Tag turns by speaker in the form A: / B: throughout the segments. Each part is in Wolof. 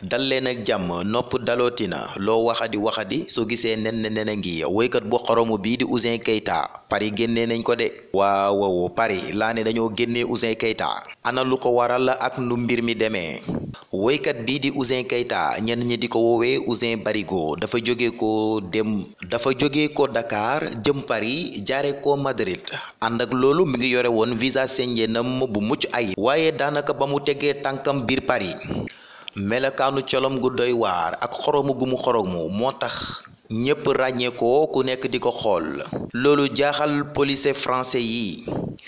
A: dal leen ak jàmm nopp dalootina loo waxadi waxadi soo gisee nen nen a ngi woykat bu xoromu bii di Ouzin Keita Paris génnee nañ ko de waaw Paris laa ne dañoo génnee Ouzin Keita ana lu ko waral ak nu mbir mi demee woykat bii di Ouzin Keita ñenn ñi di ko woowee Ouzin Barigo dafa jóge ko dem dafa jóge ko dakaar jëm Paris jaare ko Madrid ànd ak loolu mu ngi yore woon visa Schengen bu mucc ay waaye daanaka ba mu tegee tànkam biir Paris melokaanu colom gu doy waar ak xorom gu mu xoromu moo tax ñépp ràññeekoo ku nekk di ko xool loolu jaaxal policier français yi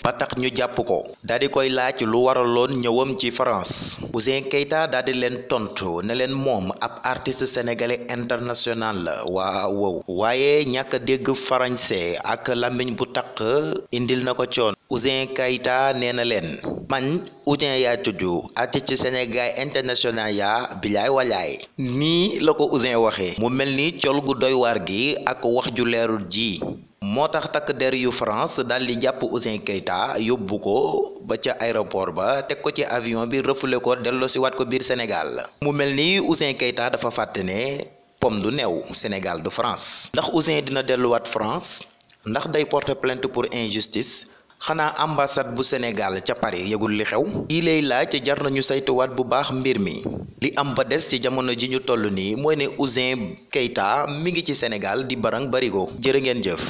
A: ba tax ñu jàpp ko daldi koy laaj lu waraloon ñëwam ci France Ouzin Keita daldi leen tontu ne leen moom ab artiste sénégalais international la waa wow waaye ñàkk dégg français ak làmmiñ bu taq indil na ko coon Ouzin Keita nee na leen man Ouzin yaa tudd artiste Sénégal international ya bilaay walaay nii la ko Ouzin waxee mu mel ni col gu doy waar gi ak wax ju leerul ji moo tax takk der yu France daal di jàpp Ouzin Keita yóbbu ko ba ca aéroport ba teg ko ci avion bi refoulé ko delloo si ko biir Sénégal mu mel ni Ouzin Keita dafa fàtte pomme du neew Sénégal du France ndax Ouzin dina delluwaat France ndax day porter plainte pour injustice xanaa ambassade bu Sénégal ca Paris yagul li xew yi lay ci jar nañu saytuwaat bu baax mbir mi li am ba des ci jamono ji ñu toll nii mooy ne Ouzin Keita mi ngi ci Sénégal di barang barigo jërë ngeen jëf